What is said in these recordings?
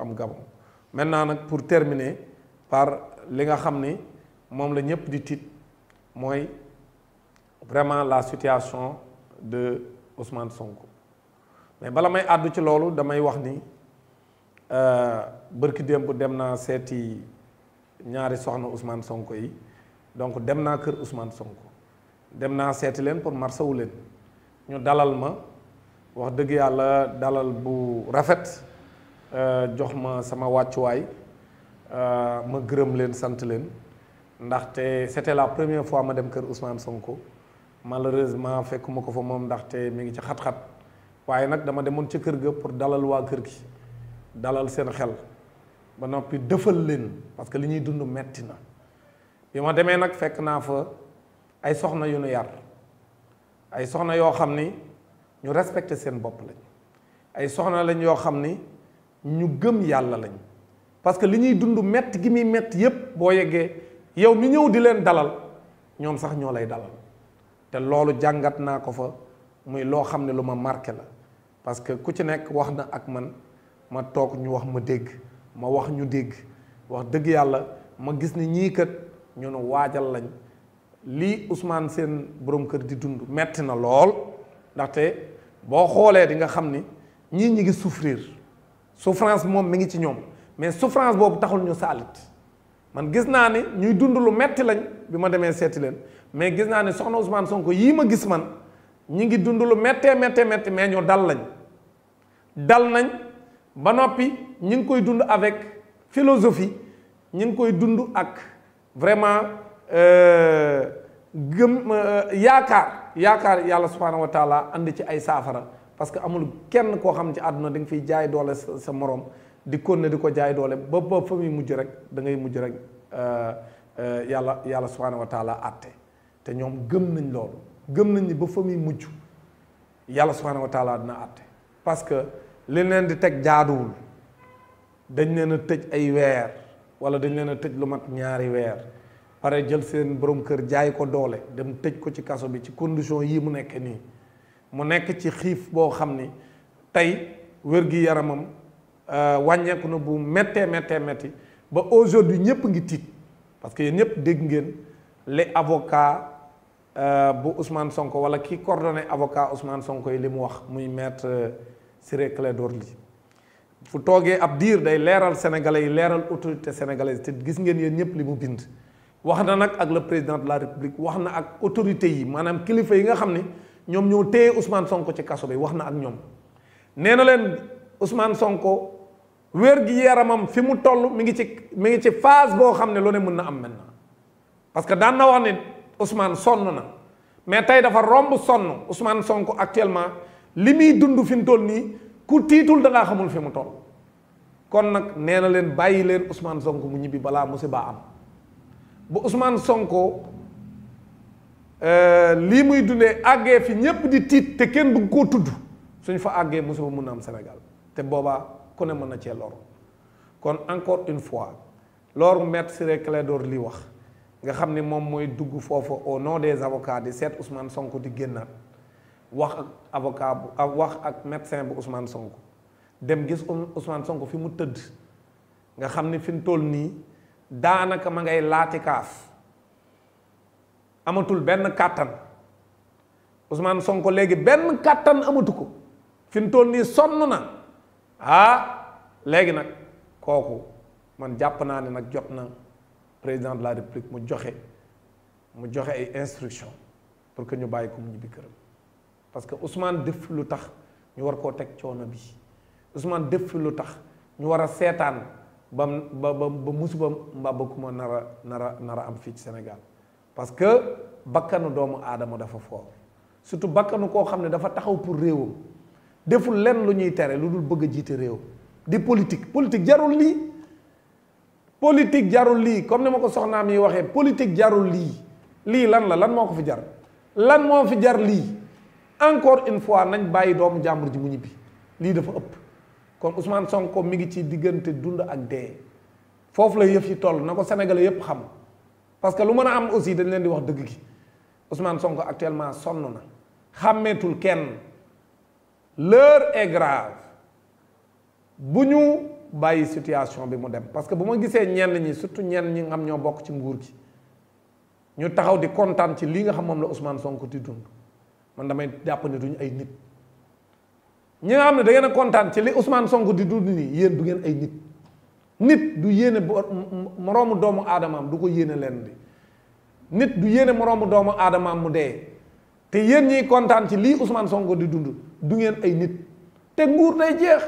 am Gabon maintenant nak pour terminer par li nga xamné mom la ñëpp di tit moy vraiment la situation de Ousmane Sonko mais bala may àddu ci lolu damay wax ni euh, bërki démb dem naa seeti ñaari soxna Ousmane Sonko yi donc dem naa kër Ousmane Sonko dem naa seeti leen pour marsawu ñu dalal ma wax deug yalla dalal bu rafet euh, jox ma sama wàccuwaay euh, ma gërëm leen sant leen ndaxte c'était la première fois ma dem kër Ousmane Sonko malheureusement fekkuma ko fa moom ndaxte mi ngi ci xat-xat waaye nag dama demoon ca kër ga pour dalal waa kër gi dalal seen xel ba noppi dëfal leen parce que li ñuy dund metti na bi ma demee nag fekk naa fa ay soxna yu nu yar ay soxna yoo xam ni ñu respecté seen bopp lañ ay soxna lañ yoo xam ni. ñu gëm yàlla lañ parce que li ñuy dund metti gi muy metti yépp boo yeggee yow mi ñëw di leen dalal ñoom sax ñoo lay dalal te loolu jàngat naa ko fa muy loo xam ne lu ma marqué la parce que ku ci nekk wax na ak man ma toog ñu wax ma dégg ma wax ñu dégg wax dëgg yàlla ma gis ni ñii kët ñu nu waajal lañ lii Ousmane seen borom kër di dund metti na lool ndaxte boo xoolee di nga xam ni ñii ñi gis souffrir souffrance moom mi ngi ci ñoom mais souffrance boobu taxul ñu saalit man gis naa ne ñuy dund lu metti lañ bi ma demee seeti leen mais gis naa ne soxna Ousmane Sonko yii ma gis man ñi ngi dund lu méttee méttee metti mais ñoo dal lañ dal nañ ba noppi ñi ngi koy dund avec philosophie ñi ngi koy dund ak vraiment euh, gëm euh, yaakaar yaakaar yàlla subhaanahu wa taala andi ci ay saafara parce que amul kenn koo xam ci àdduna da nga fiy jaay doole sa sa morom di konne di ko jaay doole ba ba fa muy mujj rek dangay mujj rek euh, euh, yàlla yàlla subhaanahu wa taala àtte te ñoom gëm nañ loolu gëm nañ ni ba fa muy mujj yàlla subhaanahu wa taala àtte parce que li leen di teg jaaduwul dañ leen a tëj ay weer wala dañ leen a tëj lu mat ñaari weer pare jël seen borom kër jaay ko doole dem tëj ko ci kaso bi ci condition yii mu nekk nii mu nekk ci xiif boo xam ni tey wér-gi-yaramam euh, wàññeeku na bu méttee méttee métti ba aujourd'hui ñëpp ngi tiit parce que yéen ñëpp dégg ngeen les avocats euh, bu Ousmane Sonko wala ki coordonné avocat Ousmane Sonko yi li mu wax muy maître euh, Ciré Clédor Ly fu toogee ab diir day leeral sénégalais yi leeral autorité sénégalaise te gis ngeen yéen ñëpp li mu bind wax na nag ak le président de la république wax na ak autorité yi maanaam kilifa yi nga xam ni ñoom ñoo téye Ousmane Sonko ci kaso bi wax na ak ñoom nee na leen Ousmane Sonko wér gi yaramam fi mu toll mi ngi ci mi ngi ci phase boo xam ne loo ne mën na am maintenant parce que daan na wax ne Ousmane sonn na mais tey dafa romb sonn Ousmane Sonko actuellement li muy dund fi mu toll nii ku tiitul da xamul fi mu toll kon nag nee na leen bàyyi leen Ousmane sonk mu ñibbi balaa musiba am bu Ousmane Sonko. Euh, li muy dundee àggee fi ñépp di tiit té kenn bu ko tudd suñ fa àggee musiba mun na am Sénégal te boba koné ne mën lor kon encore une fois l'or maître Ciré Clédor li wax nga xam mom moy dugg fofu au nom des avocats de seet Ousmane Sonko di génnaat wax ak avocat bu ah, wax ak médecin bu Ousmane Sonko dem gis Ousmane Sonko fi mu teud nga xam ni fi mu toll nii ma ngay laati kaas amatul benn kàttan Ousmane Sonko léegi benn kàttan amatu ko fi mu toll nii sonn na ah léegi nag kooku man jàpp naa ne nag jot na président de la république mu joxe mu joxe ay instructions pour que ñu bàyyi ko mu ñibbi këram parce que Ousmane def lu tax ñu war koo teg coono bi Ousmane def fi lu tax ñu war a seetaan ba ba ba musiba mbaa ba kuma nar a nar a nar a am fii ci Sénégal. parce que bakkanu doomu aadama dafa foor surtout bakkanu koo xam ne dafa taxaw pour réewam deful lenn lu ñuy tere bëgg a jiite di politique politique politique comme ni ma ko soxnaam yi waxee politique jarul lii lii lan la lan moo fi jar lan moo fi jar lii encore une fois nañ bàyyi doomu jàmbur ji mu ñibbi lii dafa ëpp Ousmane Sonko mi ngi ci dund ak la toll na sénégalais yëpp xam parce que lu mën a am aussi dañ leen di wax dëgg gi Ousmane sonk actuellement sonn na xàmmeetul kenn l'heure est grave bu ñu bàyyi situwation bi mu dem parce que bu ma gisee ñenn ñi surtout ñenn ñi nga xam ñoo bokk ci nguur gi ñu taxaw di kontaan ci li nga xam moom la Ousmane Sonko di dund man damay jàpp ne duñu ay nit ñi nga xam ne da ngeen kontaan ci li Ousmane sonk di dund nii yéen du ngeen ay nit. nit du yéene moroomu doomu aadamaam du ko yéene leen di nit du yéene moroomu doomu aadamaam mu dee te yéen ñiy kontaan ci lii Ousmane Sonko di dund du ngeen ay nit te nguur day jeex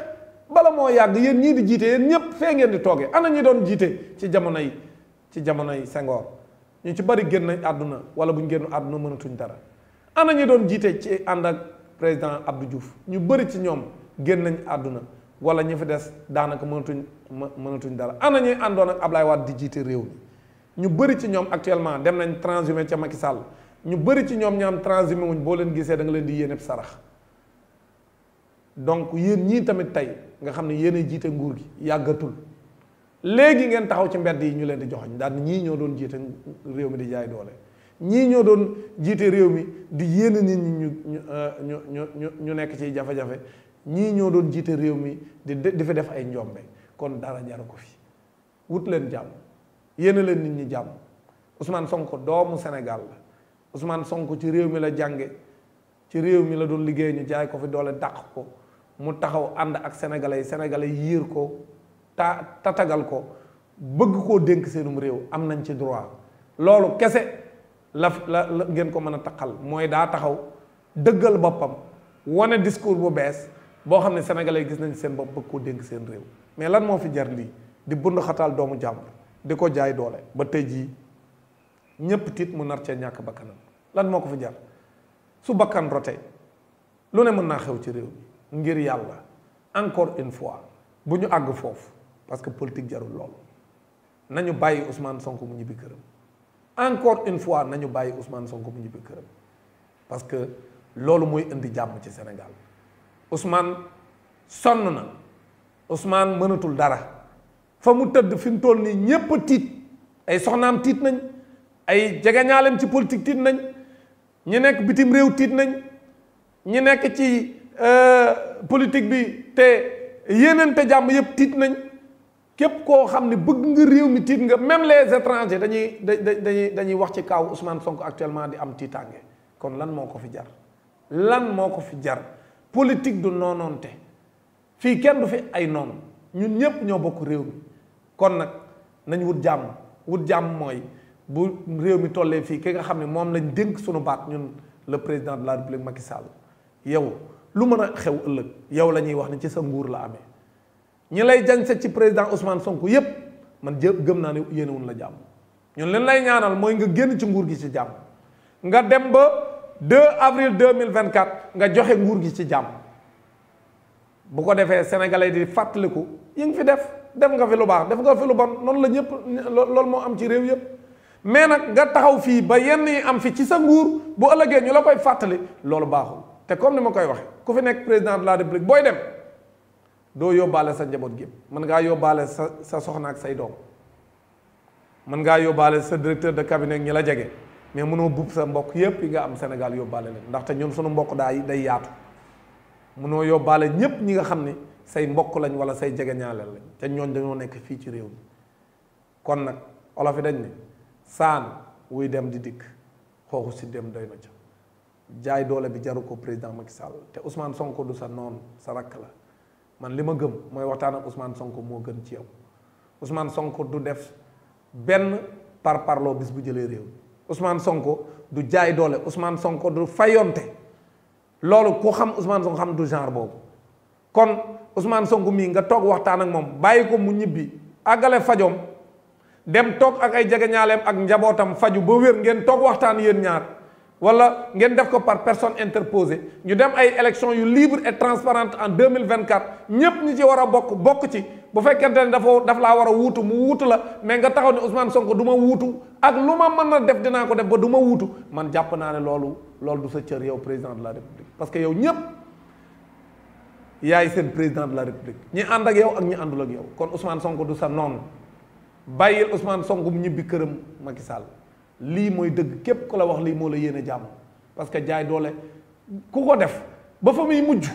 bala moo yàgg yéen ñii di jiite yen ñëpp fee ngeen di toogee ana ñi doon jiite ci jamono yi ci jamono yi Senghor ñu ci bari génn àdduna wala bu ñu génn àdduna mënatuñ dara ana ñi doon jiite ci ànd ak président Abdou Diouf ñu bari ci ñoom génn nañ àdduna wala ñi fi des daanaka mënatuñ mënatuñ dara ana ñuy àndoon ak Ablaye Wade di jiite réew mi ñu bëri ci ñoom actuellement dem nañ transhumé ca Macky sàll ñu bëri ci ñoom ñaam transhumé wuñ boo leen gisee danga nga leen di yéene sarax donc yéen ñii tamit tey nga xam ne yéen a jiite nguur gi yàggatul léegi ngeen taxaw ci mbedd yi ñu leen di joxoñ daal ñii ñoo doon jiite réew mi di jaay doole ñii ñoo doon jiite réew mi di yéene nit ñi ñu ñu euh, ñu ñu ñu nekk ci jafe ñii ñoo doon jiite réew mi di di fi def ay njombe kon dara jaru ko fi wut leen jàmm yéene leen nit ñi jàmm Ousmane Sonko doomu senegal la Ousmane Sonko ci réew mi la jànge ci réew mi la doon liggéey ñu jaay ko fi doole dàq ko mu taxaw ànd ak sénégalais yi yiir ko ta tatagal ko bëgg koo dénk seenum réew am nañ ci droit loolu kese la la ngeen ko mën a taqal mooy daa taxaw dëggal boppam wane discours bu bees boo xam ne sénégalais gis nañ seen bopp bëgg koo dénk seen réew mais lan moo fi jar lii di bund xataal doomu jàmbur di ko jaay doole ba tey jii ñépp tiit mu nar cee ñàkk bakkanam lan moo ko fi jar su bakkan rote lu ne mën naa xew ci réew mi ngir yàlla encore une fois bu ñu àgg foofu parce que politique jarul loolu nañu bàyyi Ousmane sonk mu ñibbi këram encore une fois na ñu bàyyi Ousmane Sonko mu ñibbi këram parce que loolu mooy indi jàmm ci Sénégal Ousmane sonn na Ousmane mënatul dara fa mu tëdd fi mu toll nii ñépp tiit ay soxnam tit nañ ay jegeñaaleem ci politique tit nañ ñi nek bitim rew tit nañ ñi nek ci euh, politique bi te yenen jamm yépp tit nañ képp ko xamni bëgg nga rew mi tit nga même les étrangers dañuy dañuy dañuy wax ci kaw Ousmane Sonko actuellement di am titangé kon lan moko ko fi jar lan moko fi jar politique du noonoonte fii kenn du fi ay noon ñun ñépp ñoo bokk réew mi kon nag nañ wut jàmm wut jàmm mooy bu réew mi tollee fii ki nga xam ne moom lañ dénk suñu baat ñun le président de la république Macky Sall yow lu mën a xew ëllëg yow la ñuy wax ne ci sa nguur la ame ñi lay jañse ci président Ousmane sonk yépp man jë gëm naa ne yéenewun la jàmm ñun leen lay ñaanal mooy nga génn ci nguur gi ci jàmm nga dem ba 2 avril 2024 nga joxe nguur gi ci jàmm bu ko defee sénégalais di fàttaliku yi nga fi def def nga fi lu baax def nga fi lu bon noonu la ñëpp loolu moo am ci réew yëpp mais nag nga taxaw fii ba yenn yi am fi ci sa nguur bu ëllëgee ñu la koy fàttali loolu baaxul te comme ni ma koy waxee ku fi nekk président de la république booy dem doo yóbbaale sa njaboot gi mën ngaa yóbbaale sa sa soxna ak say doom mën ngaa yóbbaale sa directeur de cabinet ñi la jege. mais mënoo buub sa mbokk yépp yi nga am Sénégal yóbbaale leen ndaxte ñun suñu mbokk daay day yaatu mënoo yóbbaale ñëpp ñi nga xam say mbokk lañ wala say jege ñaaleel lañ te ñooñ dañoo nekk fii ci réew mi kon nag olof yi dañ ne saan wuy dem di dikk xooxu si dem doy na ca jaay doole bi jaru ko président Macky Sall te Ousmane Sonko du sa sa rakk la man li ma gëm mooy waxtaan ak Ousmane Sonko moo gën ci yow Ousmane Sonko du def benn par parloo bis bu jëlee réew Ousmane Sonko du jaay doole Ousmane Sonko du fayonte lolu ku xam Ousmane Sonko xam du genre kon Ousmane Sonko mi nga tok waxtaan ak mom bayiko ko mu ñibbi àggale fajom dem tok ak ay ñaalem ak njabotam faju ba wër ngeen tok waxtaan yeen ñaar wala ngeen def ko par personne interposée ñu dem ay élection yu libre et transparente en 2024 ñepp ñi ci wara bok bok ci bu fekkente ne dafa daf la wara a mu wutu la mais nga taxaw ni Ousmane Sonko duma wutu ak luma ma def dina ko def ba duma wutu man japp na ne loolu loolu du sa cieur yow president de la république parce que yow ñëpp yaay sen president de la république ñi and ak yow ak ñi andul ak yow kon Ousmane Sonko du sa non bayil Ousmane Sonko mu ñibi kërëm Macky Sall li moy deug kep ko la wax li mo la yene jamm parce que jaay doole ku ko def ba famuy mujj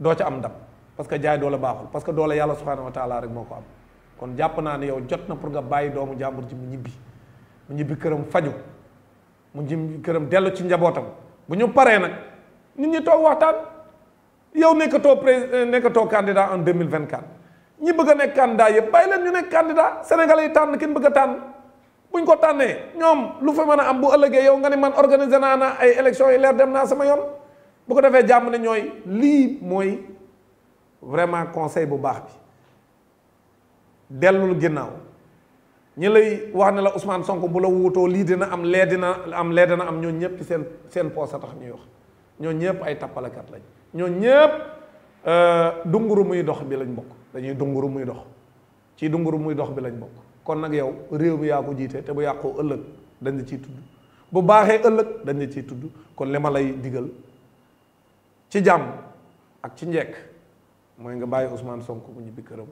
doo am dab parce que jaay doole baaxul parce que doole yàlla subhanahu wa taala rek moo am kon jàpp naa ne yow jot na pour nga bàyyi doomu jàmbur ci mu ñibbi mu ñibbi këram faju mu ñibbi këram dellu ci njabootam bu ñu paree nag nit ñi toog waxtaan yow nekkatoo nek nekkatoo candidat en 2024 ñi bëgg a nekk candidat yëpp bàyyi leen ñu nekk candidat sénégalais yi tànn kin bëgg a buñ ko tànnee ñoom lu fa mën am bu ëllëgee yow nga ne man organiser naa na ay élection yi leer dem naa sama yoon bu ko defee jàmm ne ñooy lii mooy vraiment conseil bu baax bi dellul ginnaaw ñi lay wax ne la Ousmane sonk bu la wuutoo lii dina am lee dina am lee dina am ñooñu ñëpp seen seen poos a tax ñuy wax ñooñu ñëpp ay tappalekat lañ ñooñu ñëpp euh, dunguru muy dox bi lañ bokk dañuy dunguru muy dox ci dunguru muy dox bi lañ bokk kon nag yow réew mi yaa ko jiite te bu yàqoo ëllëg dañ la ciy tudd bu baaxee ëllëg dañ la ciy tudd kon li ma lay digal ci jàmm ak ci njekk mooy nga bàyyi Ousmane Sonko mu ñibbi këram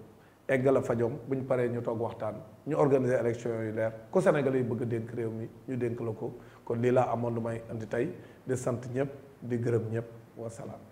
eggal a fajom bu ñu paree ñu toog waxtaan ñu organiser élection yu leer ku Sénégal yi bëgg a dénk réew mi ñu dénk la ko kon lii laa amoon lu may indi tey di sant ñëpp di gërëm ñëpp wasalaam